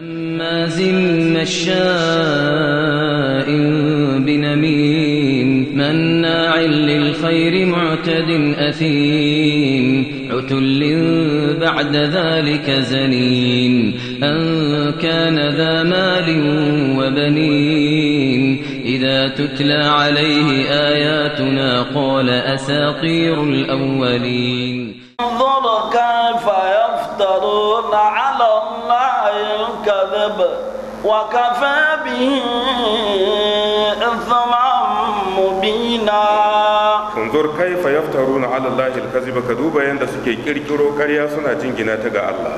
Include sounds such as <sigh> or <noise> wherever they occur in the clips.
هماز مشاء بنميم مناع للخير معتد أثيم عتل بعد ذلك زنين أن كان ذا مال وبنين إذا تتلى عليه آياتنا قال أساطير الأولين انظر كيف يفترون على الله وكفى به إثما مبينا انظر كيف يفترون على الله الكذب كذوبا يند سكي كيركرو كريا سنا ta ga Allah.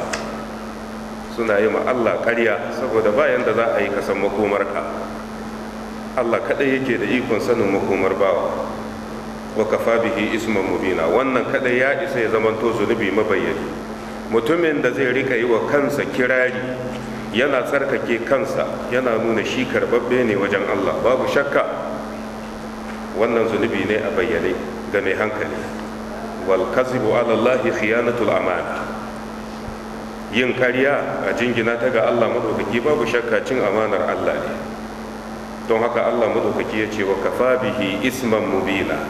suna yi ma Allah karya saboda bayan da za a yi kasan makomarka Allah kaɗai yake da ikon sanin makomar bawa wa kafa bihi isman mubina wannan kaɗai ya isa ya zamanto zunubi mabayyani mutumin da zai rika yi wa kansa kirari yana tsarkake kansa yana nuna shi karbabbe ne wajen Allah babu shakka wannan zunubi ne a bayyane ga mai hankali wal kazibu ala khiyanatul amana yin kariya a jingina ta ga Allah madaukaki babu shakka cin amanar Allah ne don haka Allah madaukaki ya ce wa kafa bihi isman mubina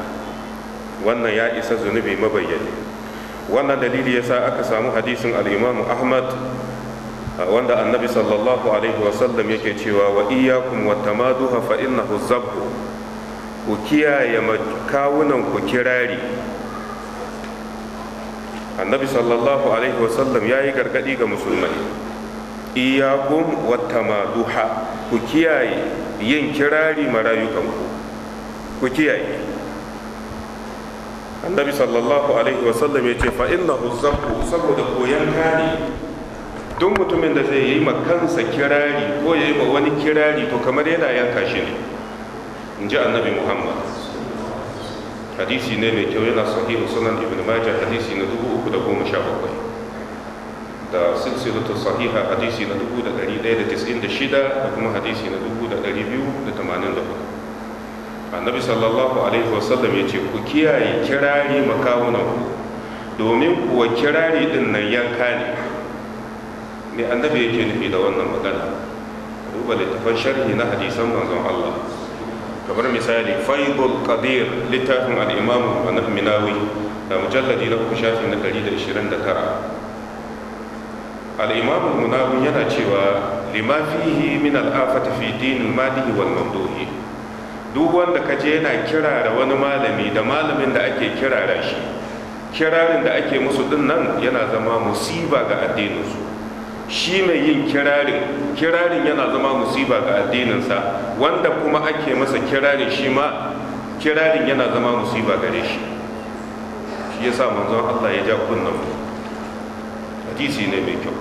wannan ya isa zunubi mabayyane wannan dalili yasa aka samu hadisin al-Imam Ahmad wanda annabi sallallahu alaihi wasallam yake cewa wa iyyakum wa tamaduha fa innahu zabhu ku kiyaye kawunan ku kirari annabi sallallahu alaihi wasallam ya yi gargadi ga musulmai iyakun wata maduha ku kiyaye yin kirari marayukanku ku kiyaye annabi sallallahu alaihi wasallam ya ce fa fa'in na saboda koyan kane tun mutumin da zai yi ma kansa kirari ko ya yi ma wani kirari to kamar yana yanka shi ne in ji annabi muhammad hadisi ne mai kyau yana sahih sunan ibn majah hadisi na 317 da silsilatu sahiha hadisi na 1196 da kuma hadisi na 2284 annabi sallallahu alaihi wasallam ya ce ku kiyaye kirari makawunan domin kuwa kirari din nan yanka ne me annabi yake nufi da wannan magana duba littafan sharhi na hadisan manzon Allah kamar misali faidul qadir littafin al-imam an-nawawi da mujalladi na uku shafi na 129 al-imam an-nawawi yana cewa lima fihi min al-afati fi din al-madi wal mawdu'i duk wanda kaje yana kirara wani malami da malamin da ake kirara shi kirarin da ake musu din nan yana zama musiba ga addininsu shi mai yin kirarin kirarin yana zama musiba ga addininsa wanda kuma ake masa kirarin shi ma kirarin yana zama musiba gare shi shi ya sa manzon Allah ya ja kunnan hadisi ne mai kyau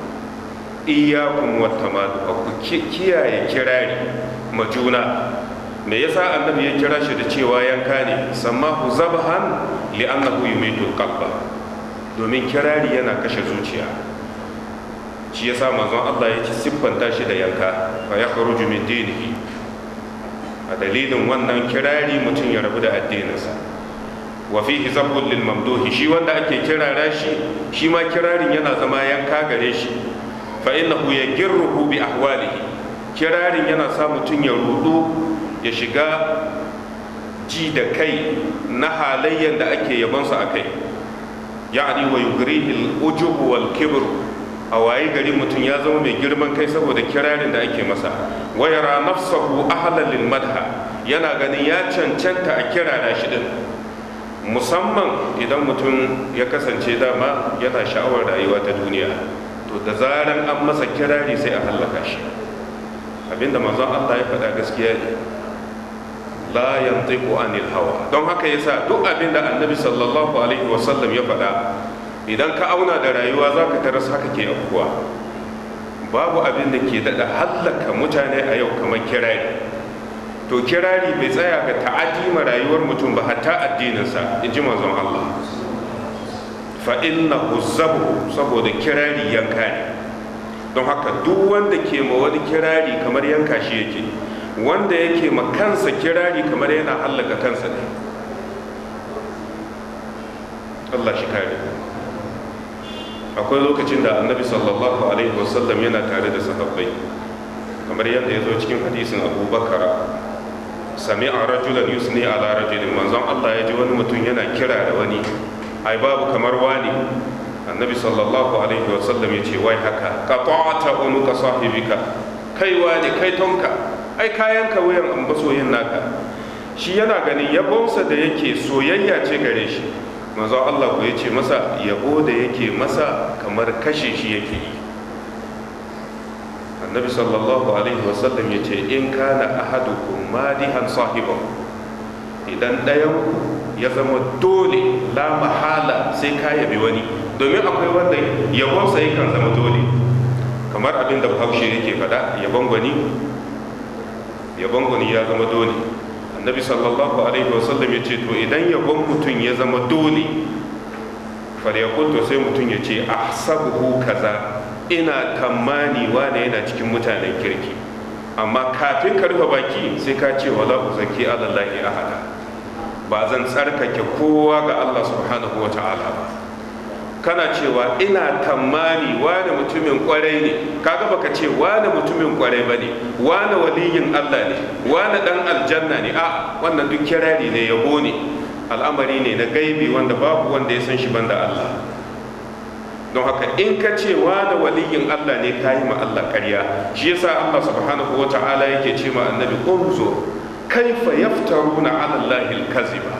iyakun wata ku kiyaye kirari majuna me yasa annabi ya kira shi da cewa yanka ne samma sammahu zabahan li'annahu yumitu qalba domin kirari yana kashe zuciya shi yasa manzon Allah ya ci siffanta shi da yanka fa ya kharuju min dinihi a dalilin wannan kirari mutum ya rabu da addininsa wa fihi zabhul lil mamduhi shi wanda ake kirara shi shi ma kirarin yana zama yanka gare shi fa innahu yajruhu bi ahwalihi kirarin yana sa mutum ya rudu ya shiga ji da kai na halayyar da ake yabansa a kai ya'ani wa yugrihil ujub wal kibr a wayi gari mutum ya zama mai girman kai saboda kirarin da ake masa wayara nafsahu ahlalil madha yana ganin ya cancanta a kirara shi din musamman idan mutum ya kasance dama yana sha'awar rayuwa ta duniya to da zaran an masa kirari sai a hallaka shi abinda manzon Allah ya faɗa gaskiya ne la yantiqu anil hawa don haka yasa duk abinda annabi sallallahu alaihi wasallam ya faɗa idan ka auna da rayuwa za ka taras haka ke afkuwa babu abin da ke daɗa hallaka mutane a yau kamar kirari to kirari bai tsaya ga ta'adi ma rayuwar mutum ba hatta addininsa in ji manzon Allah fa inna huzzabu saboda kirari yanka ne don haka duk wanda ke ma wani kirari kamar yanka shi yake wanda yake ma kansa kirari kamar yana hallaka kansa ne Allah shi kare akwai lokacin da annabi sallallahu alaihi wasallam yana tare da sahabbai kamar yadda ya zo cikin hadisin abubakar sami a rajulan yusni ala rajulin manzon allah ya ji wani mutum yana kira da wani ai babu kamar wani annabi sallallahu alaihi wasallam ya ce wai haka ka ta'ata unuka sahibika kai wani kai tonka ai kayan ka wuyan ambaso yin naka shi yana ganin bonsa da yake soyayya ce gare shi manzo Allah ku yace masa yabo da yake masa kamar kashe shi yake yi annabi sallallahu alaihi wasallam yace in kana ahadukum madihan sahibahu idan ɗayan ya zama dole la mahala sai ka yabi wani domin akwai wanda sai kan zama dole kamar abin da bahaushe yake faɗa yabon gwani yabon gwani ya zama dole nabi sallallahu alaihi wasallam ya ce to idan yabon mutum ya zama dole falyakun to sai mutum ya ce ahsabuhu kaza ina kamani wane yana cikin mutanen kirki amma kafin ka rufe baki sai ka ce wala uzaki alallahi ahada ba zan tsarkake kowa ga Allah subhanahu wa ta'ala ba kana cewa ina tamani wane mutumin kwarai ne kaga baka ce wane mutumin kwarai bane wane waliyin Allah ne wane dan aljanna ne a wannan duk kirari ne yabo ne al'amari ne na gaibi wanda babu wanda ya san shi banda Allah don haka in ka ce wane waliyin Allah ne ka yi ma Allah ƙarya shi yasa Allah subhanahu wa ta'ala yake ce ma annabi unzur kaifa yaftaruna ala Allahil kaziba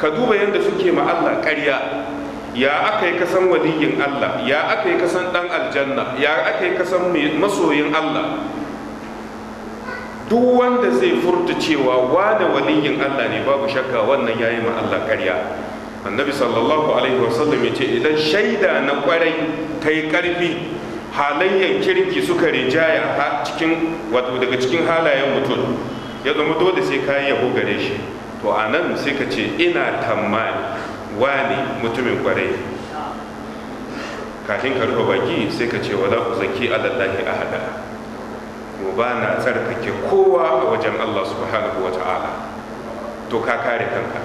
ka duba yadda suke ma Allah karya. ya aka yi kasan waliyin Allah ya aka yi kasan dan aljanna ya aka yi kasan masoyin Allah duk wanda zai furta cewa wane waliyin Allah ne babu shakka wannan yayi ma Allah ƙarya annabi sallallahu alaihi wasallam ya ce idan shaida na kwarai ta yi ƙarfi halayen kirki suka rijaya cikin wato daga cikin halayen mutum ya zama dole sai kayan yabo gare shi to a nan sai ka ce ina tamani wani mutumin kwarai kafin ka rufe baki sai ka ce wala ku zaki alallahi ahada ko ba na tsarkake kowa a wajen Allah subhanahu wa ta'ala to ka kare kanka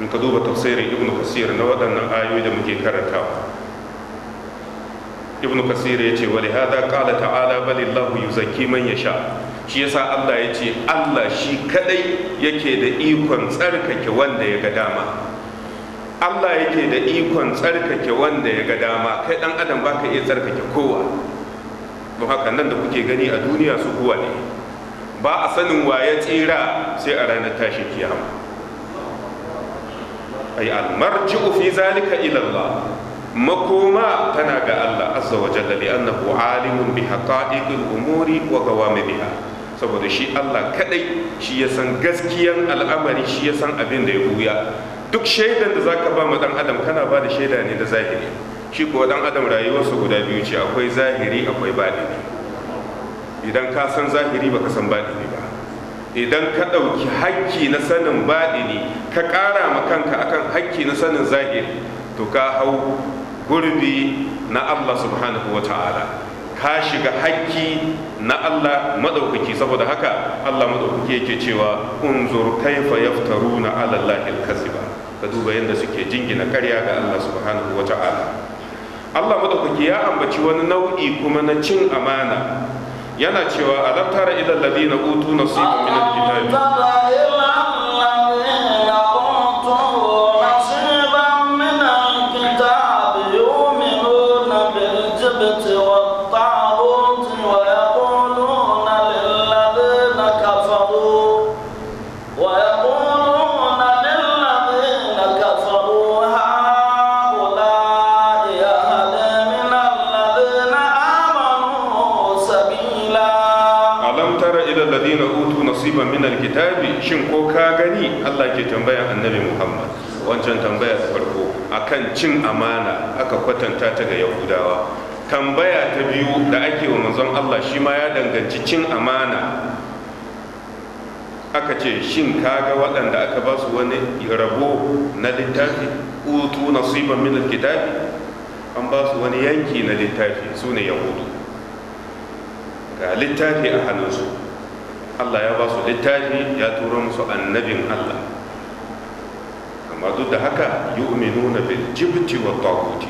in ka duba tafsirin ibnu kasir na waɗannan ayoyi da muke karantawa ibnu kasir ya ce wa lihada qala ta'ala balillahu yuzakki man sha? shi yasa Allah ya ce Allah shi kadai yake da ikon tsarkake wanda ya ga dama Allah yake da ikon tsarkake wanda ya ga dama kai dan adam baka iya tsarkake kowa don haka nan da kuke gani a duniya su kowa ne ba a sanin waye tsira sai a ranar tashi kiyama ay almarji'u fi zalika ila Allah makoma tana ga Allah azza wa jalla li annahu alimun bi haqa'iqil umuri wa qawamiha saboda shi Allah kadai shi ya san gaskiyan al'amari shi ya san abin da ya buya duk shaidan da zaka ba ma dan adam kana ba da shaida ne da zahiri shi kuwa dan adam rayuwarsa guda biyu ce akwai zahiri akwai baɗini idan ka san zahiri baka san baɗini ba idan ka ɗauki hakki na sanin baɗini ka ƙara ma kanka akan hakki na sanin zahiri to ka hau gurbi na Allah subhanahu wa ta'ala ka shiga hakki na Allah madaukaki saboda haka Allah madaukaki yake cewa unzur kaifa yaftaruna ala Allahi al kasiba. ka duba yadda suke jingina karya ga Allah subhanahu wata'ala Allah madaukaki ya ambaci wani nau'i kuma na cin amana yana cewa alam tara ila na utu nasiban min al cin amana aka kwatanta ta ga yahudawa tambaya ta biyu da ake wa manzon Allah shi ma ya danganci cin amana aka ce shin kaga waɗanda aka ba su wani rabo na littafi utu nasiban min alkitabi an ba su wani yanki na littafi su ne yahudu ga littafi a hannunsu Allah ya ba su littafi ya turo musu annabin Allah amma duk haka yu'minuna bil jibti wa taguti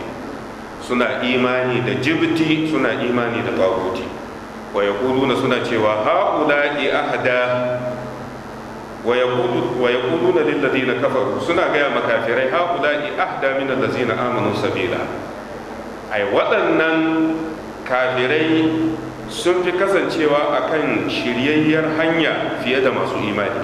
suna imani da jibti suna imani da taguti wa yaquluna suna cewa haula'i ahda wa yaquluna lil ladina kafaru suna gaya makafirai haula'i ahda min allazina amanu sabila ai waɗannan kafirai sun fi kasancewa akan shiryayyar hanya fiye da masu imani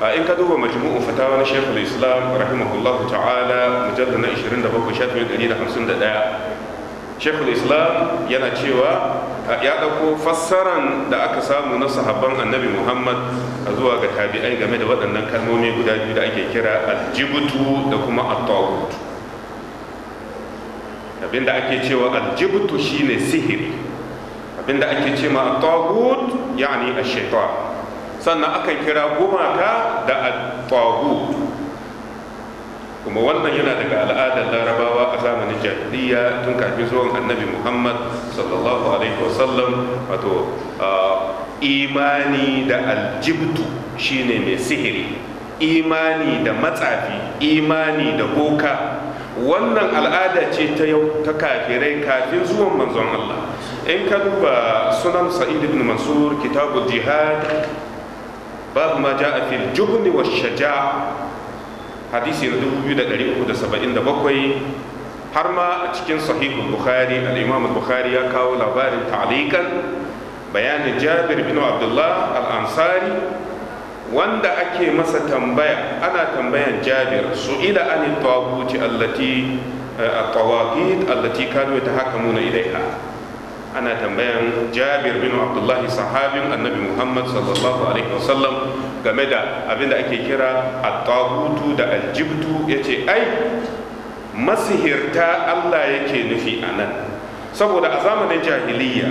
in ka duba majmu'u fatawa na shekul islam rahimahullah ta'ala mujallar na 27 shafin 151 shekul islam yana cewa ya ɗauko fassaran da aka samu na sahabban annabi muhammad a zuwa ga tabi'ai game da waɗannan kalmomi guda biyu da ake kira aljibutu da kuma attagut abinda ake cewa aljibutu shine sihiri abinda ake cewa attagut yani ashaitan sannan akan kira gumaka da al-tagut kuma wannan yana daga al'adar larabawa a zamanin jahiliya tun kafin zuwan annabi muhammad sallallahu alaihi wasallam wato imani da aljibtu shine mai sihiri imani da matsafi imani da boka wannan al'ada ce ta yau ta kafirai kafin zuwan manzon allah in ka duba sunan sa'id ibn mansur kitabul jihad babu ma ja'a fil jubni wa shaja hadisi na 2377 har ma a cikin sahihul bukhari al-imam bukhari ya kawo labarin ta'liqan bayanin jabir bin abdullah al amsari wanda ake masa tambaya ana tambayan jabir su'ila an tawaguti allati eh, at-tawaqit allati kanu yatahakamuna ilaiha ana tambayan jabir bin abdullahi sahabin annabi muhammad sallallahu alaihi wasallam game da abin da ake kira attaqutu da aljibtu ya ce ai masihirta allah yake nufi a nan saboda a zamanin jahiliya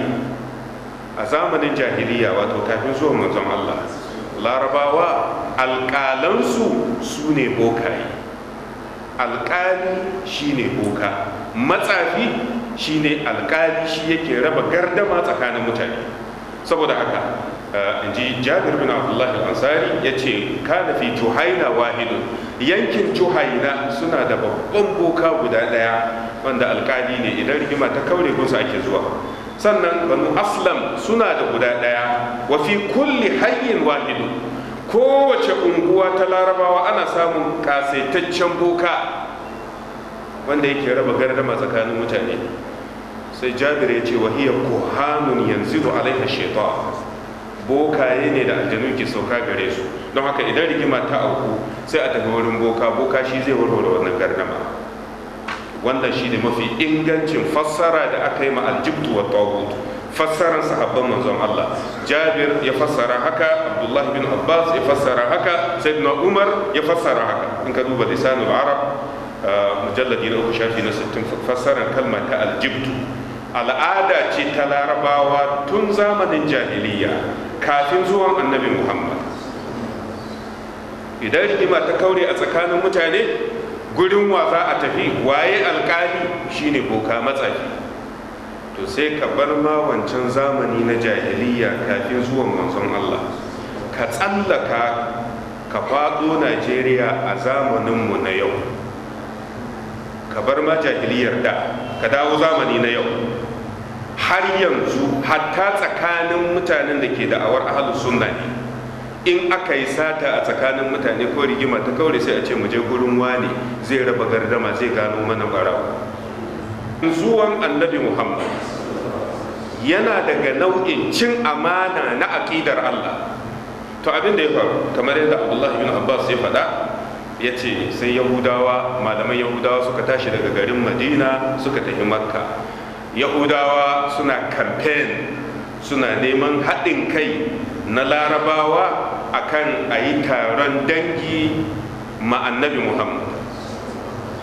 a zamanin jahiliya wato kafin zuwan manzon allah larabawa alƙalansu su ne bokaye alƙali shi ne boka matsafi shine alkali shi yake raba gardama tsakanin mutane saboda haka eh, in ji jabir bin abdullahi al-ansari ya ce kana fi juhaina wahidun yankin Tuhaina suna da babban boka guda daya wanda alkali ne idan rigima ta kaure gunsa ake zuwa sannan banu aslam suna da guda daya wa fi kulli hayyin wahidun kowace unguwa ta larabawa ana samun kasaitaccen boka wanda yake raba gardama tsakanin mutane sai jabir ya ce wahiyar kuhanun yanzu alaiha shaita bokaye ne da aljanu ke sauka gare su don haka idan rigima ta auku sai a tafi wurin boka boka shi zai warware wannan gardama Wanda shi ne mafi ingancin fassara da aka yi ma aljibtu wa tagut fassaran sahabban manzon Allah Jabir ya fassara haka Abdullah bin Abbas ya fassara haka Sayyidina Umar ya fassara haka in ka duba lisanul Arab mujalladi na uku shafi na sittin fassarar kalma ta aljibtu al'ada ce ta larabawa tun zamanin jahiliya kafin zuwan annabi muhammad idan rigima ta kaure a tsakanin mutane gurin wa za a tafi waye alkali shine boka matsafi to sai ka bar ma wancan zamani na jahiliya kafin zuwan manzon allah ka tsallaka ka faɗo najeriya a zamaninmu na yau ka bar ma jahiliyar da ka dawo zamani na yau har yanzu hatta tsakanin mutanen da ke da'awar ahalus sunna ne in aka yi sata a tsakanin mutane ko rigima ta kawai sai a ce mu je gurin wani zai raba gardama zai gano mana barawa zuwan annabi muhammad yana daga nau'in cin amana na aƙidar allah to abin da ya faru kamar yadda abdullahi bin abbas ya faɗa ya ce sai yahudawa malaman yahudawa suka tashi daga garin madina suka tafi makka yahudawa suna kamfen suna neman haɗin kai na larabawa akan a yi taron dangi ma'annabi muhammad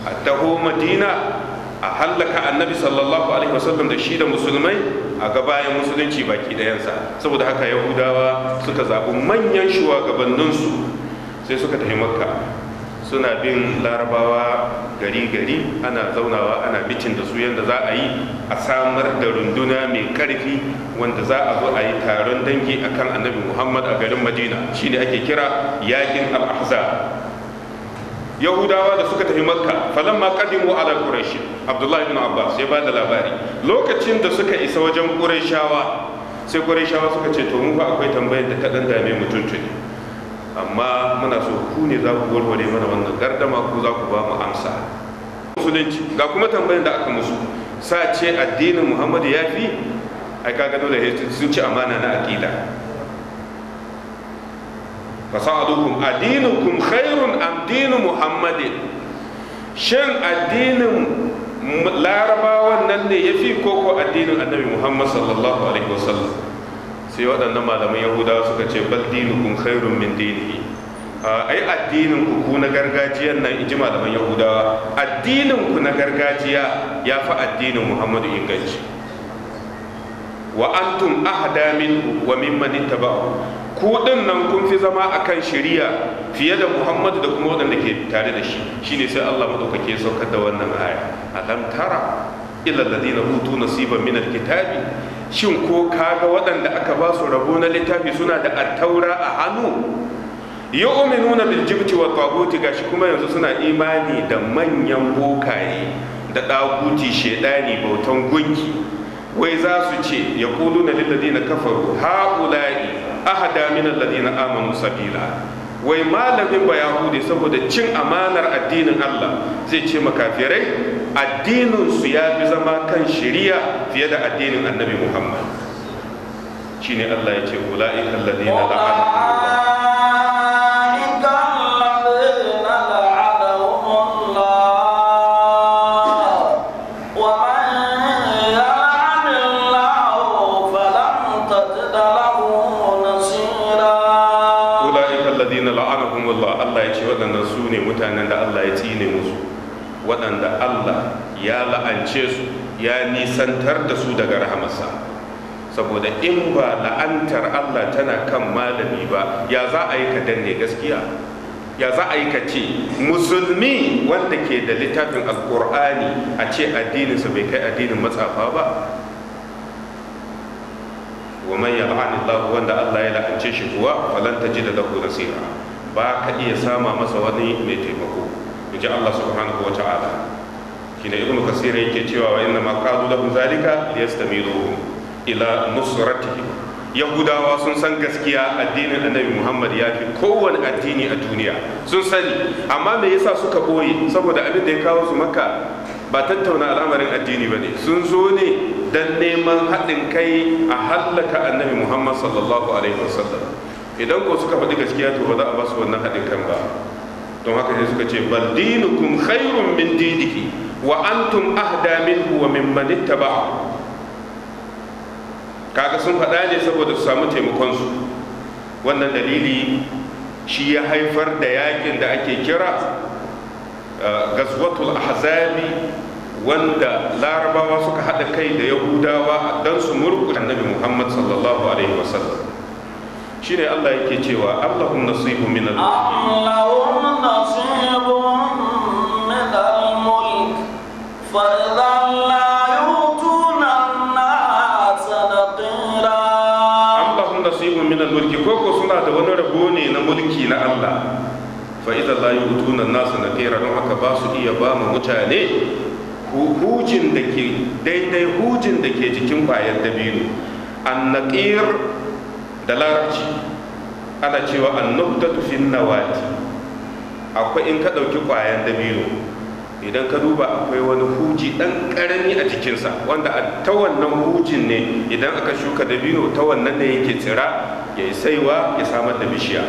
a taho madina a hallaka annabi sallallahu alaihi wasallam da shi da musulmai a ga bayan musulunci baki ɗayansa saboda haka yahudawa suka zaɓi manyan shugabanninsu sai suka tafi makka suna bin larabawa gari-gari ana zaunawa ana bicin da su yadda za a yi a samar da runduna mai karfi wanda za a zo a yi taron dangi akan annabi muhammad a garin madina shine ake kira yakin al yahudawa da suka tafi makka falamma qadimu ala quraish abdullahi ibn abbas ya bada labari lokacin da suka isa wajen qurayshawa sai qurayshawa suka ce to mu fa akwai tambayar da ta dan dame mu amma muna so ku ne za ku warware mana wannan gardama ko za ku ba mu amsa musulunci ga kuma tambayin da aka musu sa ce addinin muhammadu ya fi ai kaga dole sun ci amana na aƙida fasadukum addinukum khairun am dinu muhammadin shin addinin larabawan nan ne yafi ko ko addinin annabi muhammad sallallahu alaihi wasallam sai waɗannan malaman yahudawa suka ce bal dinukum khairun min dinihi ai addinin ku na gargajiyan nan inji malaman yahudawa addinin ku na gargajiya ya fi addinin muhammadu inganci wa antum ahda minhu wa mimman ittaba'u ku din nan kun fi zama akan shari'a fiye da muhammadu da kuma waɗanda ke tare da shi shine sai Allah madaukake saukar da wannan aya alam tara ila alladhina utu nasiban min alkitabi shin ko kaga waɗanda aka ba su rabo na littafi suna da attaura a hannu nuna bil jibti wa taguti gashi kuma yanzu suna imani da manyan bokaye da daguti shedani bautan gunki wai za su ce ya kulu na lilladina kafaru haula'i ahada min na amanu sabila wai malamin ba yahudi saboda cin amanar addinin Allah zai ce makafirai addininsu ya fi zama kan shiriya fiye da addinin annabi muhammad shine allah ya ce ula'ika na la'anahum ya la'ance su ya nisantar da su daga rahamarsa saboda in ba la'antar Allah tana kan malami ba ya za a yi ka danne gaskiya ya za a yi ka ce musulmi wanda ke da littafin alkur'ani a ce addininsa bai kai addinin matsafa ba wa man yal'an Allah wanda Allah ya la'ance shi kuwa da tajida da nasira ba ka iya sama masa wani mai taimako inji Allah subhanahu wa ta'ala shine ibnu kasir yake cewa wa inna ma qalu lahum zalika liyastamiru ila nusrati yahudawa sun san gaskiya addinin annabi muhammad ya fi kowane addini a duniya sun sani amma me yasa suka boye saboda abin da ya kawo su maka ba tattauna al'amarin addini ba ne sun zo ne don neman haɗin kai a hallaka annabi muhammad sallallahu alaihi wasallam idan ko suka faɗi gaskiya to ba za a ba su wannan haɗin kan ba don haka sai suka ce bal dinukum khairun min dinihi wa antum ahda minhu wa mimman ittaba'a kaga sun faɗa ne saboda su samu taimakonsu. wannan dalili shi ya haifar da yakin da ake kira eh, gazwatul ahzabi wanda larabawa suka haɗa kai da yahudawa don su murku annabi muhammad sallallahu alaihi wasallam shine allah yake cewa allahun nasibu min allah فإذا min mulki ko ko suna da wani rabo ne na mulki na Allah fa idza la yutuna don haka ba su iya ba mu mutane hujin da ke daidai hujin da ke jikin kwayar dabino an-naqir da larabci ana cewa an-nuqtatu fi nawati akwai in ka ɗauki kwayan dabino idan ka duba akwai wani huji ɗan karami a jikinsa wanda a ta wannan hujin ne idan aka shuka dabino ta wannan ne yake tsira ya yi saiwa ya samar da bishiya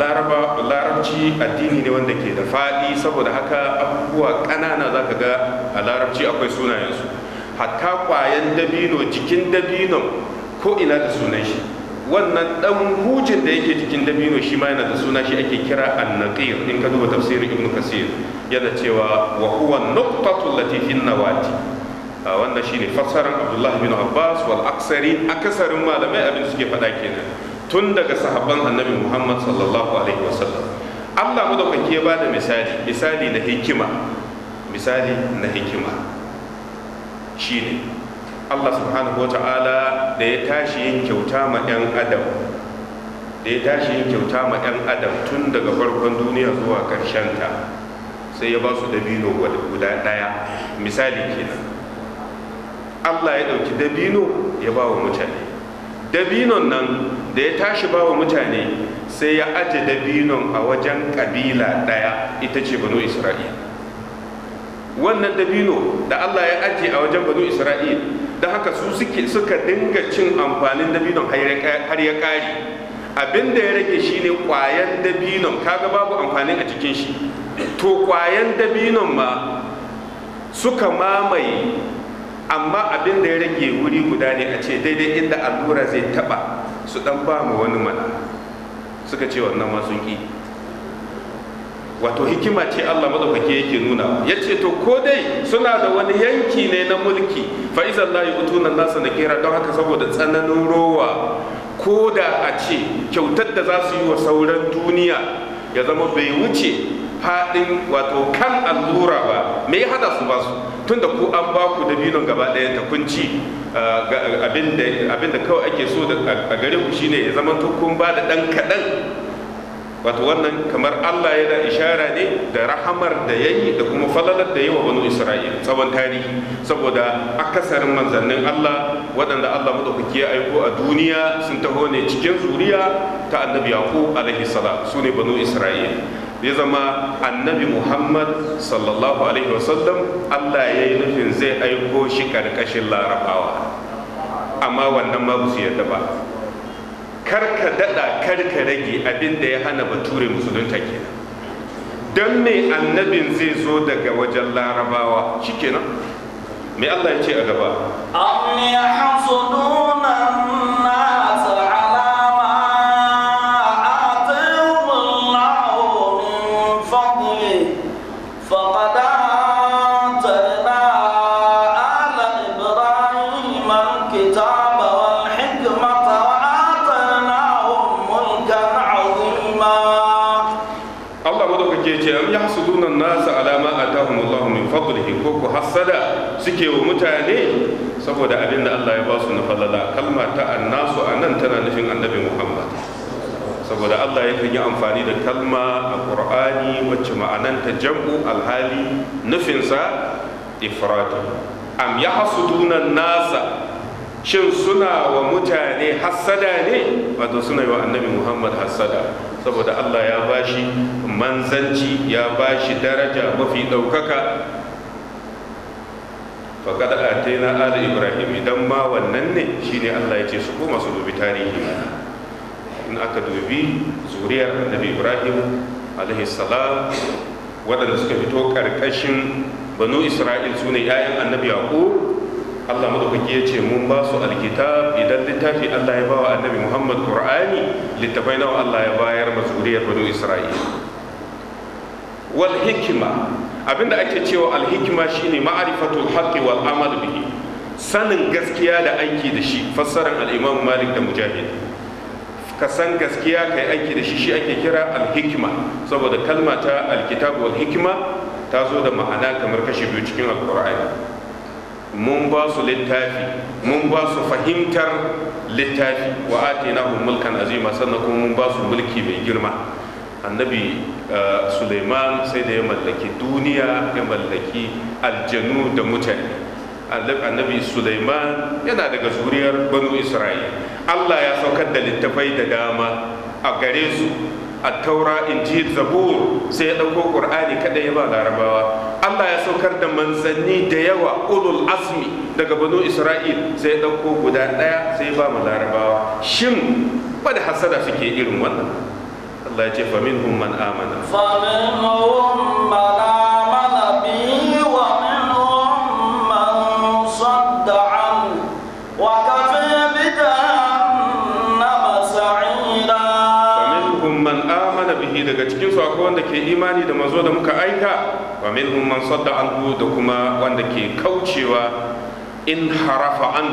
larabci addini ne wanda ke da faɗi saboda haka abubuwa ƙanana za ka ga a larabci akwai sunayensu hatta kwayan dabino jikin dabino ko ina da sunan shi wannan dan hujin da yake cikin dabino shi ma yana da suna shi ake kira annaqir in ka duba tafsirin ibnu kasir yana cewa wa huwa nuqtatu lati fi nawati ah, wanda shine fasaran abdullahi bin abbas wal aksari akasarin malamai abin suke fada kenan tun daga sahabban annabi muhammad sallallahu alaihi wasallam allah mu da ya ba da misali misali na hikima misali na hikima shine Allah subhanahu wa ta'ala da ya tashi yin kyauta ma 'yan adam da ya tashi yin kyauta ma 'yan adam tun daga farkon duniya zuwa ta, sai ya ba su dabino guda ɗaya misali kenan Allah ya ɗauki dabino ya ba wa mutane dabinon nan da ya tashi ba wa mutane sai ya aje dabinon a wajen ƙabila ɗaya ita ce banu isra'ila wannan dabino da Allah ya ajiye a wajen banu Isra'il da haka su suke suka dinga cin amfanin dabinon har ya ƙare abin da ya rage shine kwayan dabinon kaga babu amfanin a jikin shi to kwayan dabinon ma suka mamaye amma abin da ya rage wuri guda ne a ce daidai inda allura zai taba su dan ba mu wani mana suka ce wannan masu ki wato hikima ce Allah madaukake yake nuna ya ce to ko dai suna da wani yanki ne na mulki fa'izan layi, utunan nasa na kera don haka saboda tsananin rowa ko da a ce kyautar da za su yi wa sauran duniya ya zama bai wuce faɗin wato kan allura ba me hada su ba su da ku an ba ku dabinon gaba ɗaya ta kunci abin da kawai ake so a gare ku shine ya zama kun ba da ɗan kaɗan wato wannan kamar Allah ya yana ishara ne da rahamar da ya yi da kuma falalar da yi wa banu Isra'il tsawon tarihi saboda akasarin manzannin Allah waɗanda Allah madaukaki ya aiko a duniya sun taho ne cikin zuriya ta annabi Yaqub alaihi salam su ne banu Isra'il ya zama annabi Muhammad sallallahu alaihi wasallam Allah ya yi nufin zai aiko shi karkashin larabawa amma wannan ma ba su yarda ba karka daɗa karka rage abin da ya hana bature musulunta kenan don me annabin zai zo daga wajen larabawa shikenan me allah ya ce a gaba am yahsuduna min fadlihi ko ku hassada suke wa mutane saboda abin da Allah ya ba su na falala kalma ta annasu nan tana nufin annabi Muhammad saboda Allah ya kan yi amfani da kalma a Qur'ani wacce ma'ananta jam'u alhali nufinsa ifradu am yahsuduna nasa shin suna wa mutane hassada ne wato suna yi wa annabi muhammad hassada saboda allah ya bashi manzanci ya bashi daraja mafi ɗaukaka faƙad atena ala ibrahim idan ma wannan ne shine allah ya ce su koma su dubi tarihi in aka dubi zuriyar annabi ibrahim alaihi salam waɗanda suka fito ƙarƙashin banu isra'il su ne 'ya'yan annabi yaƙub allah madaukaki ya ce mun ba su alkitab idan littafi allah ya ba wa annabi muhammad qur'ani littafai nawa allah ya bayar ma zuriyar banu isra'il wal hikima abinda ake cewa alhikima shine ma'arifatul haqqi wal amal bihi sanin gaskiya da aiki da shi fassarar al-imam malik da mujahid ka san gaskiya kai aiki da shi shi ake kira alhikima saboda kalma ta alkitab wal hikima ta zo da ma'ana kamar kashi biyu cikin alqur'ani mun ba su littafi mun ba su fahimtar littafi wa mulkan azima sannan kuma mun ba su mulki mai girma annabi eh, suleiman sai da ya mallaki duniya ya mallaki aljanu da mutane annabi suleiman yana daga zuriyar banu isra'il allah ya saukar da littafai da dama a gare su a taura injil zabur sai ya ɗauko ƙur'ani kaɗai ya ba larabawa allah ya saukar da manzanni da yawa ulul asmi daga banu isra'il sai ya ɗauko guda ɗaya sai ya ba mu larabawa shin ba da hasada suke irin wannan Allah ya ce fa minhum man amana fa minhum man amana bi wa minhum man sadda an wa kafa bi jahannama sa'ira fa minhum man amana bihi daga cikin su wanda ke imani da manzo da muka aika wa minhum man sadda anhu da kuma wanda ke kaucewa in harafa an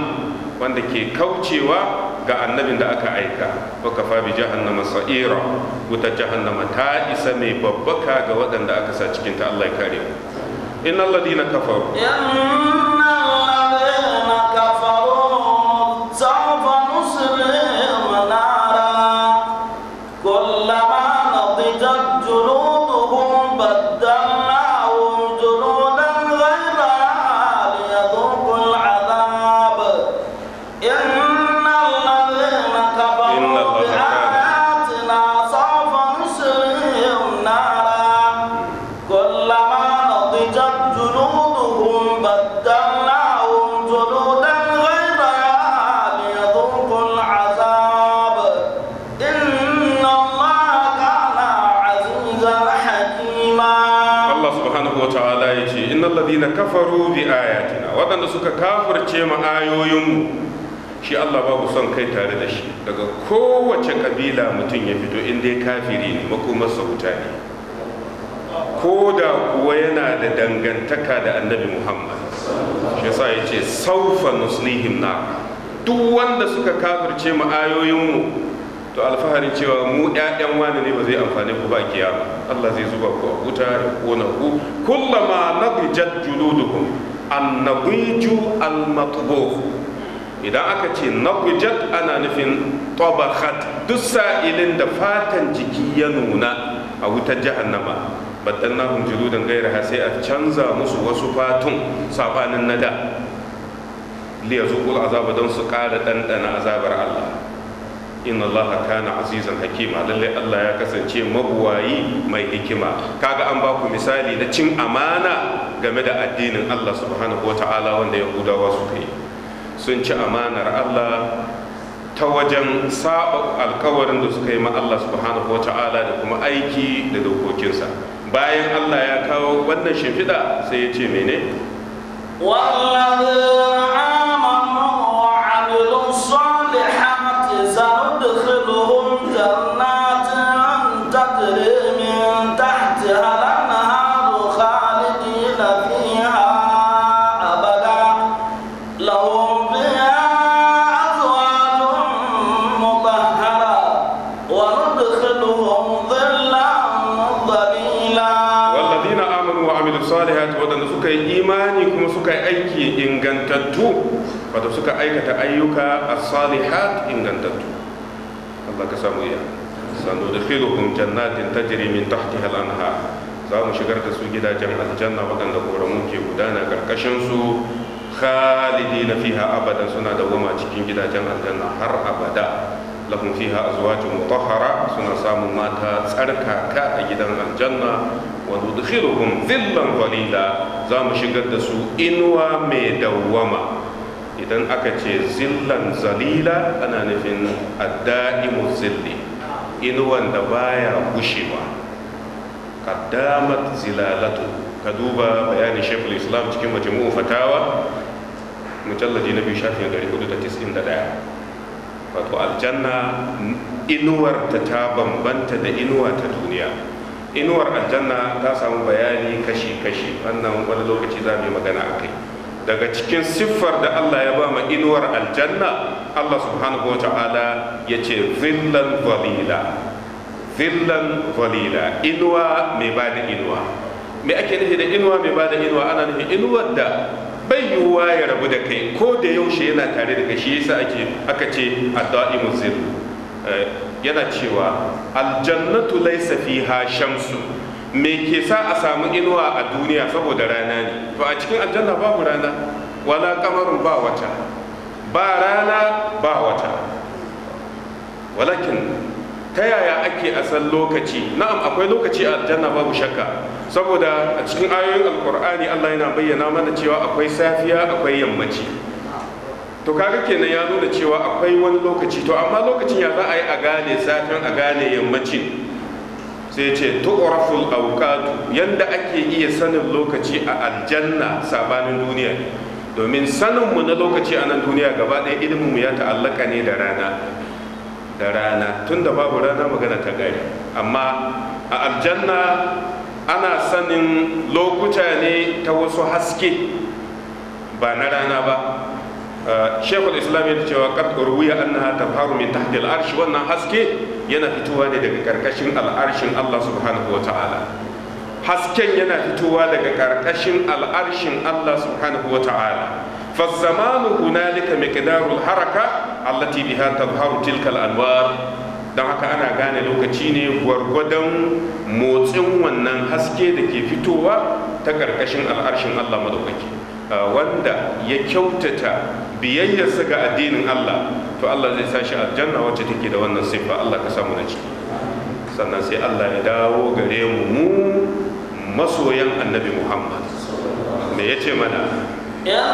wanda ke kaucewa ga annabin da aka aika wa kafa bi jahannama sa'ira wuta jahannama ta isa mai babbaka ga waɗanda aka sa cikin ta Allah ya kare mu innal ladina kafaru suka kafirce mu ayoyinmu shi Allah babu son kai tare da shi daga kowace kabila mutum ya fito inda ya kafiri ne makomarsa wuta ne ko da kuwa yana da dangantaka da annabi muhammad shi yasa ya ce saufa nuslihim na duk wanda suka kafirce mu ayoyinmu to alfaharin cewa mu 'ya'yan wani ne ba zai amfani ku ba kiyama Allah zai zuba ku a wuta ya kona ku kullama nabijat juluduhum annabiju almatbu idan aka ce nabujat ana nufin tabakat duk sa'ilin da fatan jiki ya nuna a wutar jahannama baddannahum juludan gairaha sai a canza musu wasu fatun sabanin nada liyazuqul azaba don su ƙara ɗanɗana azabar Allah inna Allah kana azizan hakima lalle Allah ya kasance mabuwayi mai hikima kaga an baku misali na cin amana game da addinin Allah subhanahu wata'ala wanda yahudawa suka yi sun ci amanar Allah ta wajen saba alkawarin da suka yi ma Allah subhanahu wata'ala da kuma aiki da dokokinsa bayan Allah ya kawo wannan shimfiɗa sai ya ce mene aikata ayyuka a salihat ingantattu Allah ka samu iya sanu da khiluhum jannatin tajri min tahtiha al za mu shigar da su gidajen aljanna waɗanda koramu ke gudana karkashin su khalidina fiha abadan suna da goma cikin gidajen aljanna har abada lahum fiha azwajun mutahhara suna samun mata tsarkaka a gidan aljanna wa nudkhiluhum dhillan qalila za mu shigar da su inuwa mai dawwama idan aka ce zillan zalila ana nufin adda'imu zilli inuwan da baya gushewa kaddamat zilalatu ka duba bayani shekul islam cikin majmu'u fatawa mujallaji na biyu shafin 491 wato aljanna inuwarta ta bambanta da inuwa ta duniya inuwar aljanna ta samu bayani kashi-kashi wannan wani lokaci za mu yi magana a kai daga cikin siffar da Allah ya ba ma inuwar aljanna Allah subhanahu wa ta'ala ya ce zillan zalila zillan zalila inuwa mai ba da inuwa me ake nufi da inuwa mai ba da inuwa ana nufin inuwar da bai yiwuwa ya rabu da kai ko da yaushe yana tare da kai shi yasa ake aka ce adda'imu zill eh, yana cewa aljannatu laysa fiha shamsu me ke sa a samu inuwa a duniya saboda rana ne to a cikin aljanna babu rana wala kamarun ba wata ba rana ba wata walakin ta yaya ake san lokaci na'am akwai lokaci a aljanna babu shakka saboda a cikin ayoyin alkur'ani allah yana bayyana mana cewa akwai safiya akwai yammaci to kaga kenan ya nuna cewa akwai wani lokaci to amma lokacin ya za a yi a gane safin a gane yammacin sai ce tu'raful awqatu yanda ake iya sanin lokaci a aljanna sabanin duniya domin sanin mu na lokaci a nan duniya gaba ɗaya ilimin mu ya ta'allaka ne da rana da rana tunda babu rana magana ta gari amma a aljanna ana sanin lokuta ne ta wasu haske ba na rana ba Eh, shekul islam ya cewa kad ruwiya annaha tabharu min tahti al-arsh wannan haske yana fitowa ne daga karkashin al'arshin Allah subhanahu wa ta'ala hasken yana fitowa daga karkashin al'arshin Allah subhanahu wa ta'ala fa zamanu hunalika miqdarul haraka allati biha tabharu tilka al-anwar haka ana gane lokaci ne gwargwadon motsin wannan haske da ke fitowa ta karkashin al'arshin Allah madaukaki wanda ya kyautata biyayyarsa ga addinin Allah to Allah zai sa sashi aljanna wacce take da wannan siffa Allah ka samu na ciki sannan sai Allah ya dawo gare mu mu masoyan annabi Muhammad me yace mana ya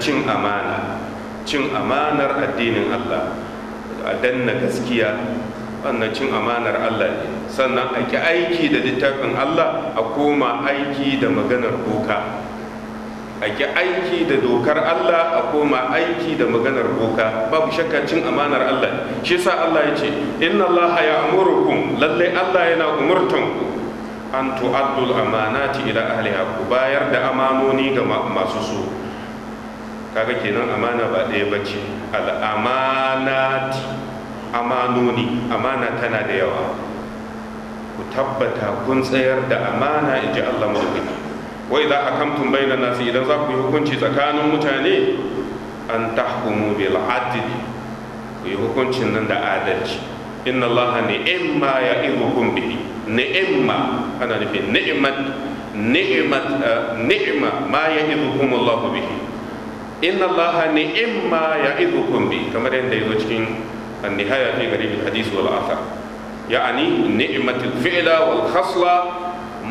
cin amana cin amanar addinin Allah a danna gaskiya wannan cin amanar Allah ne sannan a ki aiki da littafin Allah a koma aiki da maganar boka a ki aiki da dokar Allah a koma aiki da maganar boka babu shakka cin amanar Allah shi sa Allah ya ce inna Allah ya amurukum lalle Allah yana umurtanku an tu'addul amanati ila ahliha bayar da amanoni ga masu su kaga kenan amana ba ɗaya bace al'amanati amanoni amana tana da yawa ku tabbata kun tsayar da amana in ji Allah maɗaukaki wai za a kamtun bayyana nasu idan za ku yi hukunci tsakanin mutane an tahkumu bil adli ku yi hukuncin nan da adalci inna Allah yi ya'idukum bihi ni'imma ana nufin ni'imat ni'imat eh, ni'ima ma ya'idukum Allah bihi inna allaha ya idu kumbi kamar yadda zo cikin an-nihaya fi gari bil hadith wal ya'ani ni'matul fi'la wal khasla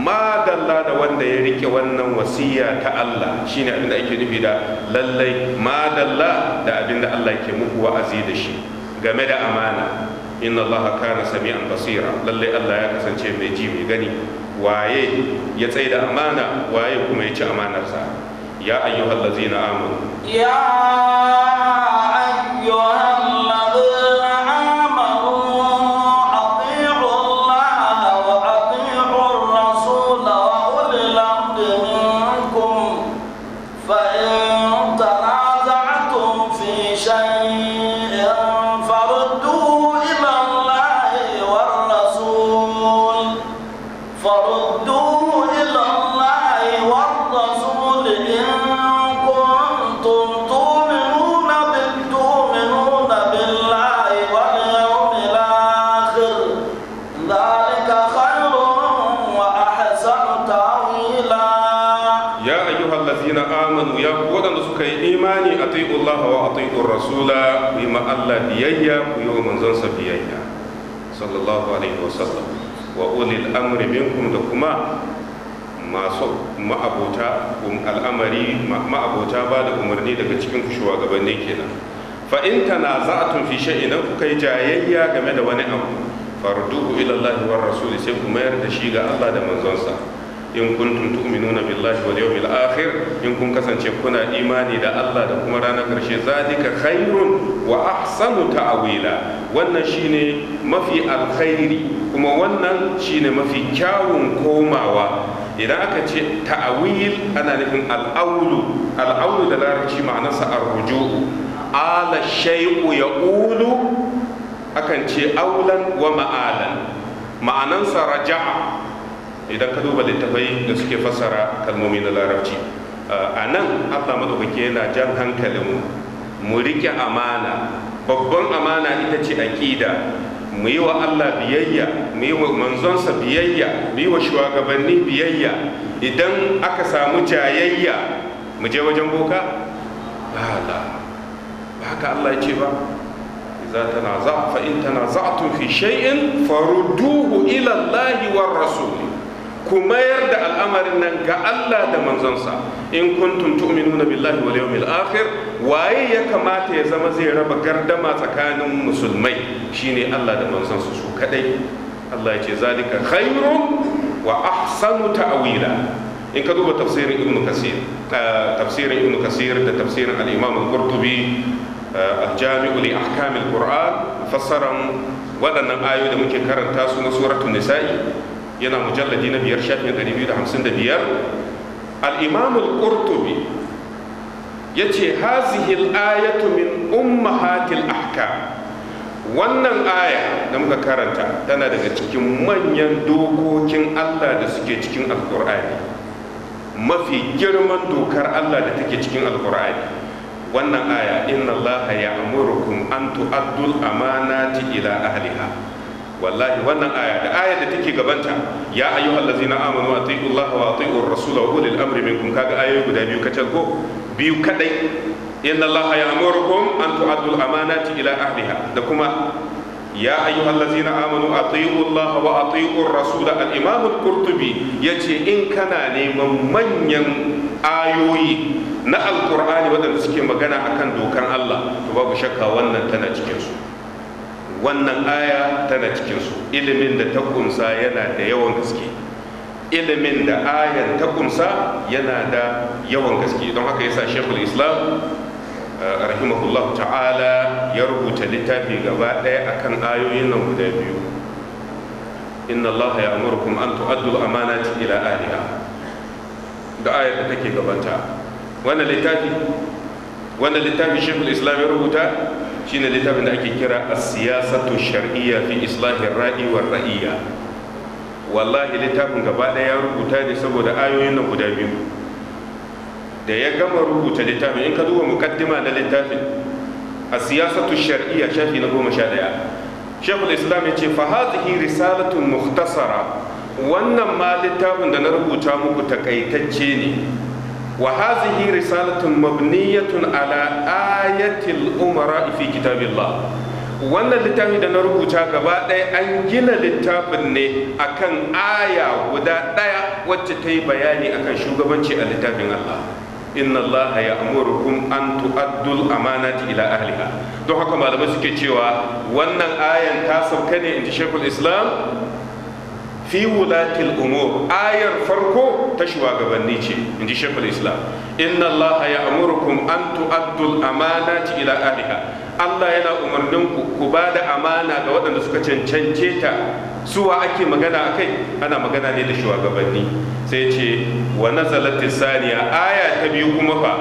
ma dalla da wanda ya rike wannan wasiya ta Allah shine abinda ake nufi da lallai ma dalla da abinda Allah ke muku wa'azi da shi game da amana inna Allah kana sami'an basira lallai Allah ya kasance mai ji mai gani waye ya tsaye da amana waye kuma ya ci amanar sa? يا أيها الذين آمنوا يا sallallahu alaihi wasallam wa ulil amri minkum da kuma masu ma'abota um, al'amari ma'abota ba da umarni daga cikin shugabanni kenan fa in tanaza'tum fi shay'in kuka yi jayayya game da wani abu farduhu ila Allah war sai ku mayar da shi ga Allah da manzonsa in kuntum tu'minuna billahi wal yawmil akhir in kun kasance kuna imani da Allah da kuma ranar karshe zalika khairun wa ahsanu ta'wila wannan shine mafi alkhairi kuma wannan shine mafi kyawun komawa idan aka ce ta'wil ana nufin al'aulu al'aulu da larabci ma'anarsa arruju'u ala shay'u ya'ulu akan ce aulan wa ma'alan ma'anansa raja'a idan ka duba littafai da suke fassara kalmomi na larabci eh, a nan allah maɗaukaki yana jan hankalin mu riƙe amana babban amana ita ce aƙida mu yi wa Allah biyayya mu yi wa manzonsa biyayya mu yi wa shugabanni biyayya idan aka samu jayayya mu je wajen boka bala ba haka Allah ce ba idza tanaza fa in tun fi shai'in farudduhu ila Allah war ku mayar da al'amarin nan ga Allah da manzonsa in kuntum tu'minuna billahi wal yawmil akhir waye ya kamata ya zama zai raba gardama tsakanin musulmai shine Allah da manzonsa su kadai Allah ya ce zalika khairun wa ahsanu ta'wila in ka duba tafsirin ibn kasir tafsirin ibn kasir da tafsirin al-imam al-qurtubi eh, al-jami'u li ahkam al-qur'an fassaran waɗannan ayoyi da muke karanta su na suratul nisa'i yana mujalladi na biyar shafin 255 al'imamul ƙurtubi ya ce hazihil ayatu min ummahatil ahka wannan aya da muka karanta tana daga cikin manyan dokokin allah da suke cikin alkur'ani mafi girman dokar allah da take cikin alkur'ani wannan aya inna allaha ya'murukum an tu'addul amanati ila ahliha wallahi wannan aya da aya da take gabanta ya ayyu allazina amanu atiullaha wa atiur rasula wa ulil amri minkum kaga ayoyi guda biyu kacal ko biyu kadai inna allaha ya'murukum an tu'addu amanati ila ahliha da kuma ya ayyu allazina amanu atiullaha wa atiur rasula al-imam al-qurtubi yace in kana neman manyan ayoyi na alqur'ani wadanda suke magana akan dokan Allah to babu shakka wannan tana cikin su wannan aya tana cikinsu ilimin da ta kunsa yana da yawan gaske ilimin da ayan ta kunsa yana da yawan gaske don haka yasa shekul islam eh, rahimahullah ta'ala ya rubuta littafi gaba daya akan ayoyin nan guda biyu inna allah ya amurkum an tu'addu amanati ila ahliha da ayar da take gabanta. wannan littafi wannan littafi shekul islam ya rubuta shine littafin da ake kira a siyasatu shar'iyya fi islahi ra'i wa ra'iyya wallahi littafin gaba ɗaya ya rubuta ne saboda ayoyin nan guda biyu da ya gama rubuta littafin in ka duba mukaddima na littafin A siyasatu shar'iyya shafi na goma sha ɗaya shekul islam ya ce fa risalatun mukhtasara wannan ma littafin da na rubuta muku takaitacce ne wa hazihi risalatun mabniyatun ala ayatil umara fi kitabillah wannan littafi da na rubuta gaba ɗaya an gina littafin ne akan aya guda ɗaya wacce ta yi bayani akan shugabanci a littafin Allah inna Allah ya amurukum an tu'addul amanati ila ahliha don haka malamai suke cewa wannan ayan ta sauka ne inji Sheikhul Islam fi wulatil umur ayar farko ta shugabanni ce in ji shekul islam inna allaha ya amurkum an tu'addul amanati ila ahliha allah yana umarnin ku ku ba da amana ga waɗanda suka cancance ta suwa ake magana a kai ana magana ne da shugabanni sai ce wa nazalat saniya aya ta biyu kuma fa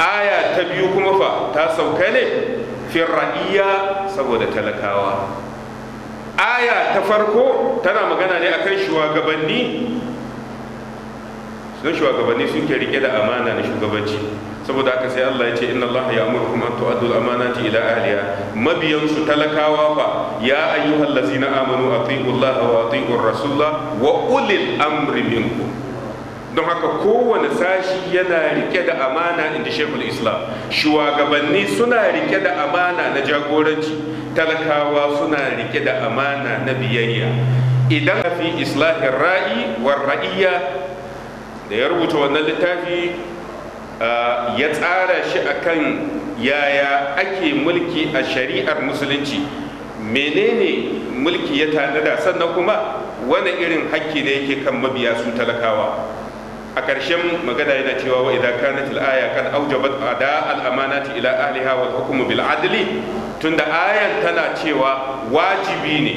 aya ta biyu kuma fa ta sauka ne fi ra'iya saboda talakawa aya ta farko tana magana ne akan shugabanni don shugabanni suke rike da amana na shugabanci saboda haka sai Allah ya ce inna Allah ya amurkum an tu'addu al-amanati ila ahliha mabiyan su talakawa fa ya ayyuhal ladzina amanu atiiu Allah wa atiiu wa ulil amri minkum don haka kowane sashi yana rike da amana inda shekul islam shugabanni suna rike da amana na jagoranci talakawa suna rike da amana na biyayya idan fi islahin ra'i wa ra'iyya da ya rubuta wannan littafi ya tsara shi akan yaya ake mulki a shari'ar musulunci menene mulki ya tanada sannan kuma wani irin hakki ne yake kan mabiya su talakawa a ƙarshen magana yana cewa wa idan kanat al-aya kan aujabat ada al-amanati ila ahliha wal hukmu bil adli tunda ayan tana cewa wajibi ne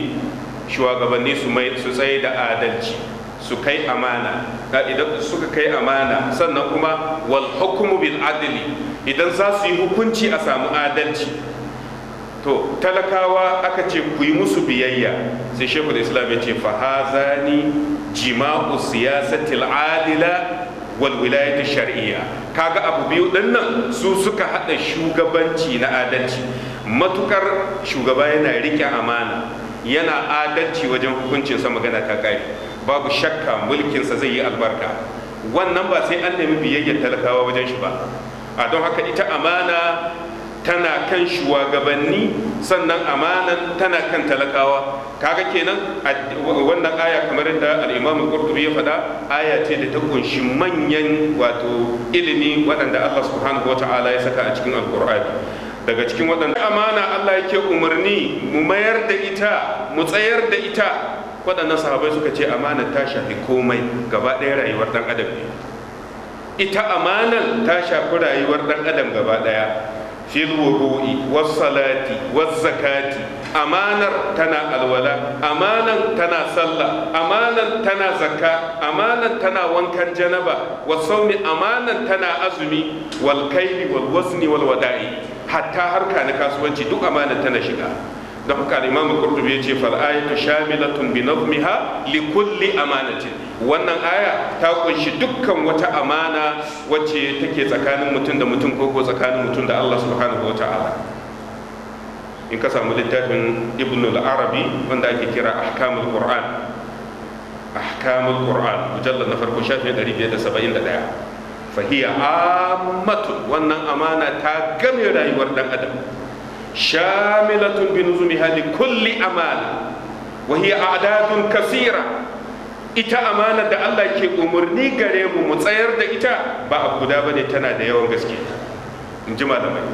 shugabanni su mai tsaye da adalci su kai amana idan suka kai amana sannan kuma wal hukmu bil adli idan za su yi hukunci a samu adalci to talakawa aka ce ku yi musu biyayya sai shekul islam ya ce fa hazani jima'u siyasatil adila wal wilayati shar'iyya kaga abu biyu dinnan su suka hada shugabanci na adalci matukar shugaba yana rike amana yana adalci wajen hukuncinsa magana ta kare babu shakka mulkinsa zai yi albarka wannan ba sai an nemi biyayyar talakawa wajen shi ba a don haka ita amana tana kan shugabanni sannan amanan tana kan talakawa kaga kenan wannan aya kamar da al-Imam Qurtubi ya faɗa aya ce da ta kunshi manyan wato ilimi waɗanda Allah subhanahu wata'ala ya saka a cikin al daga cikin waɗanda amana Allah yake umarni mu mayar da ita mu tsayar da ita waɗannan sahabai suka ce amana ta shafi komai gaba ɗaya rayuwar ɗan adam ne ita amanan ta shafi rayuwar ɗan adam gaba ɗaya fil wudu'i was salati was zakati amanar tana alwala amanan tana sallah amanan tana zakka amanan tana wankan janaba was sawmi amanan tana azumi wal kaili wal wazni wal wada'i hatta harka na kasuwanci duk amana tana shiga da haka imamu qurtubi ce fal ayatu shamilatun bi nazmiha li kulli amanatin wannan aya ta kunshi dukkan wata amana wacce take tsakanin mutum da mutum ko ko tsakanin mutum da Allah subhanahu wataala in ka samu littafin ibnul arabi wanda ake kira ahkamul qur'an ahkamul qur'an mujallad na farko shafin 571 fahiya ammatun wannan amana ta game rayuwar dan adam shamilatun bi nuzumiha li kulli amana wa hiya a'dadun kasira ita amana da Allah ke umarni gare mu mu tsayar da ita ba a guda bane tana da yawan gaske in ji malamai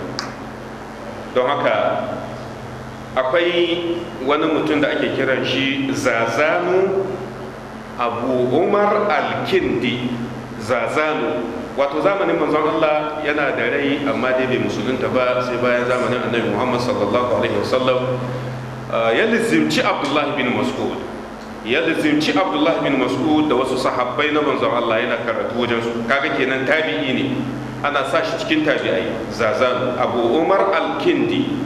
don haka akwai wani mutum da ake kiran shi zazanu abu umar alkindi zazanu wato zamanin manzon Allah yana da rai amma dai bai musulunta ba sai bayan zamanin annabi Muhammad sallallahu alaihi wasallam ah, ya lizimci Abdullah bin Mas'ud ya lizimci Abdullah bin Mas'ud da wasu sahabbai na manzon Allah yana karatu wajen su kaga kenan tabi'i ne ana sa shi cikin tabi'ai zazan Abu Umar al-Kindi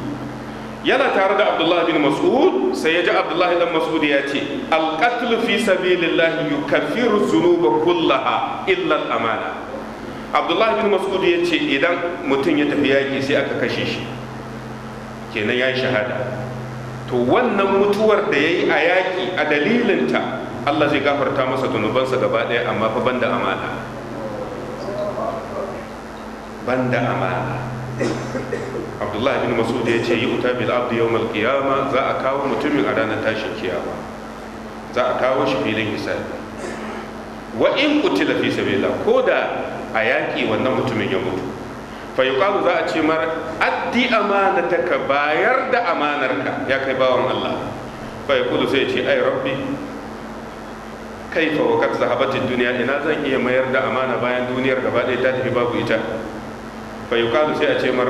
yana tare da Abdullah bin Mas'ud sai ya ji Abdullah bin Mas'ud ya ce al-qatl fi sabilillah yukaffiru dhunuba kullaha illa al-amana abdullahi bin mas'ud ya ce idan mutum ya tafi yaƙi sai aka kashe shi kenan ya yi shahada to wannan mutuwar da ya yi a yaƙi a dalilinta allah zai gafarta masa zunubansa gaba ɗaya amma fa banda amana banda amana abdullahi bin mas'ud ya ce yi uta bil abdu yawmal qiyama za a kawo mutumin a ranar tashin kiyama za a kawo shi filin hisabi wa in qutila fi sabila ko da a yaƙi wannan mutumin ya mutu fa yuqalu za a ce mar addi amanataka bayar da amanarka ya kai bawan Allah fa yaqulu sai ce ai rabbi kaifa wa kad zahabatin duniya ina zan iya mayar da amana bayan duniyar gaba ɗaya ta tafi babu ita fa yuqalu sai a ce mar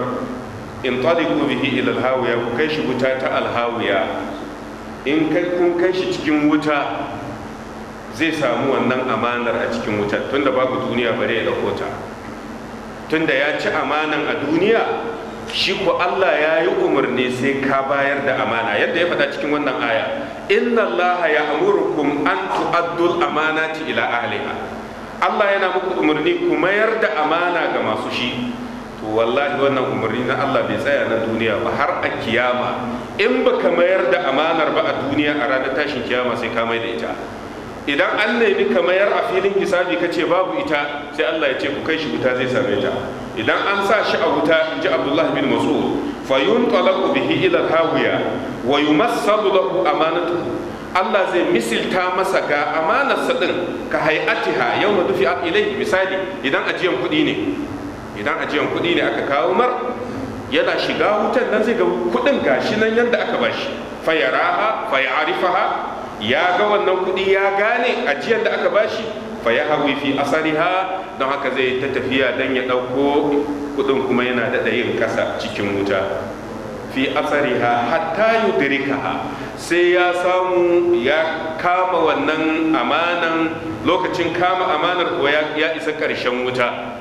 in taliqu bihi ila alhawiya ku kai shi wuta ta alhawiya in kai kun kai shi cikin wuta zai samu wannan amanar a cikin wutar tunda babu duniya bare ya dauko tunda ya ci amanan a duniya shi ko Allah ya yi umarni sai ka bayar da amana yadda ya faɗa cikin wannan aya inna Allah ya amurkum an tu'addul amanati ila ahliha Allah yana muku umarni ku mayar da amana ga masu shi to wallahi wannan umarni na Allah bai tsaya na duniya ba har a kiyama in baka mayar da amanar ba a duniya a ranar tashin kiyama sai ka mai da ita idan an nemi ka a filin hisabi ka ce babu ita sai Allah ya ce ku kai shi wuta zai same ta idan an sa shi a wuta in ji abdullahi bin mas'u fa yuntalaqu bihi ila hawiya wa yumassalu lahu amanatu Allah zai misilta masa ga amanar din ka na dufi a ilai misali idan ajiyan kuɗi ne idan ajiyan kuɗi ne aka kawo mar yana shiga wutan nan zai ga kuɗin gashi nan yadda aka bashi fayaraha fayarifaha ya ga wannan kuɗi ya gane ajiyar da aka bashi fa ya hawi fi asariha don haka zai ta tafiya don ya ɗauko kuɗin kuma yana daɗa yin ƙasa cikin wuta fi asariha hatta yudrikaha sai ya samu ya kama wannan amanan lokacin kama amanar ko ya isa ƙarshen wuta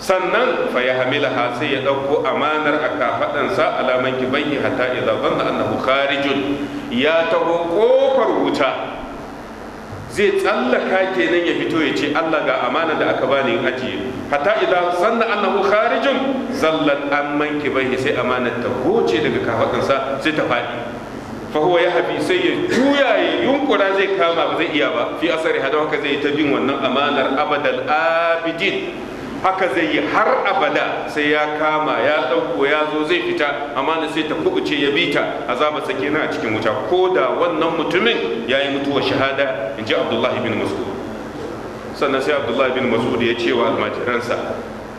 sannan fa ya hamilaha sai ya ɗauko amanar a kafaɗansa alaman hata hatta idza zanna annahu kharijun ya taho kofar wuta zai tsallaka kenan ya fito ya ce Allah ga amanar da aka bani in ajiye hatta idza zanna annahu kharijun zallat amman kibayi sai amanar ta goce daga kafaɗansa sai ta faɗi fa huwa yahbi sai ya juya ya yunkura zai kama ba zai iya ba fi asari hadan haka zai ta bin wannan amanar abadal abidin haka zai yi har abada sai ya kama ya ɗauko ya zo zai fita amma da sai ta kubuce ya bi ta azaba sake na a cikin wuta ko da wannan mutumin ya yi mutuwar shahada in ji abdullahi bin mas'ud sannan sai abdullahi bin mas'ud ya ce wa almajiransa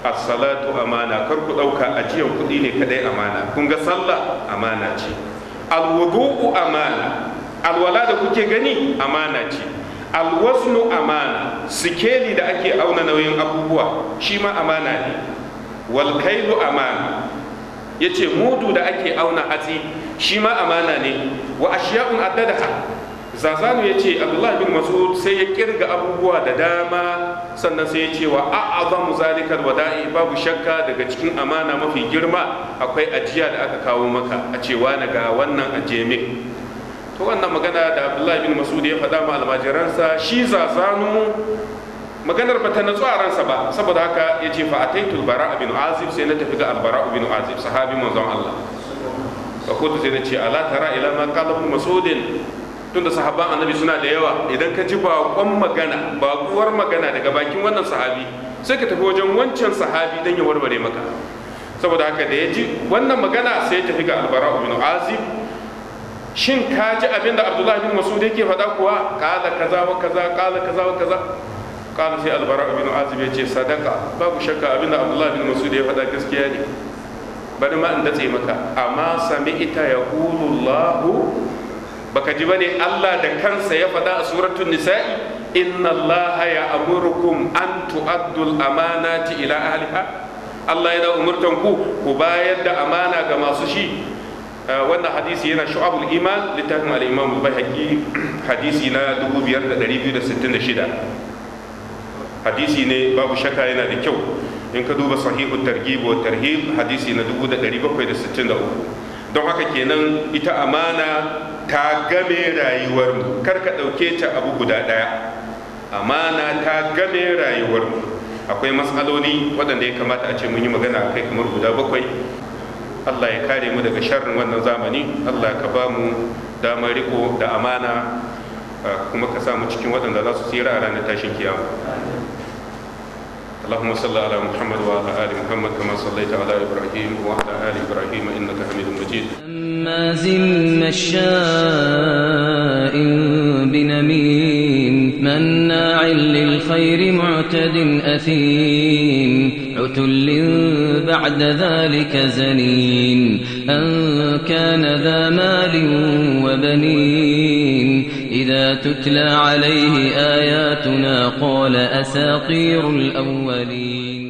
as-salatu amana kar ku ɗauka ajiyan kuɗi ne kadai amana kun ga sallah amana ce alwudu'u amana alwala da kuke gani amana ce alwaznu amana sikeli da ake auna nauyin abubuwa shi ma amana ne walkailu amana ya ce mudu da ake auna hatsi shi ma amana ne wa ashiya'un addadaha zazanu ya ce abdullahi bin mas'ud sai ya kirga abubuwa da dama sannan sai ya ce wa a'azamu zalikal wada'i babu shakka daga cikin amana mafi girma akwai ajiya da aka kawo maka a cewa na ga wannan aje to wannan magana da abdullahi bin masudi ya faɗa ma almajiransa shi zazanu maganar ba ta natsu a ransa ba saboda haka ya ce fa ataitul bara bin azib sai na tafi ga albara bin azib sahabi manzon Allah ba kuntu sai na ce ala tara ila ma kala ibn masudin tunda sahabban annabi suna da yawa idan ka ji baƙon magana baƙuwar magana daga bakin wannan sahabi sai ka tafi wajen wancan sahabi don ya warware maka saboda haka da ya ji wannan magana sai ya tafi ga albara bin azib shin ka ji abin da abdullahi bin masud yake faɗa kuwa kala kaza wa kaza kala kaza wa kaza kala sai albara abin azib ya ce sadaka babu shakka abin da abdullahi bin masud ya faɗa gaskiya ne bari ma in datse maka amma sami ita ya hulullahu baka ji bane allah da kansa ya faɗa a suratun nisa'i inna allaha ya amurukum an tu'addul amanati ila ahliha allah yana umurtan ku ku bayar da amana ga masu shi Ah, wannan hadisi yana shu'abul iman littafin al-imam al bayhaqi <clears throat> hadisi na 5266 hadisi ne babu shakka yana da kyau in ka duba sahihu targhib wa tarhib hadisi na 1763 don haka kenan ita amana ta game rayuwar mu kar ka dauke ta abu guda daya amana ta game rayuwar mu akwai matsaloli waɗanda ya kamata a ce mun yi magana kai kamar guda bakwai Allah ya kare mu daga sharrin wannan zamani Allah ka ba mu damar riko da amana kuma ka samu cikin waɗanda za su tsira a ranar tashin kiyama اللهم صل على محمد وعلى آل محمد كما صليت على إبراهيم وعلى آل إبراهيم إنك حميد مجيد هماز مشاء بنميم مناع للخير معتد أثيم عتل بعد ذلك زنين أن كان ذا مال وبنين إذا تتلى عليه آياتنا قال أساطير الأولين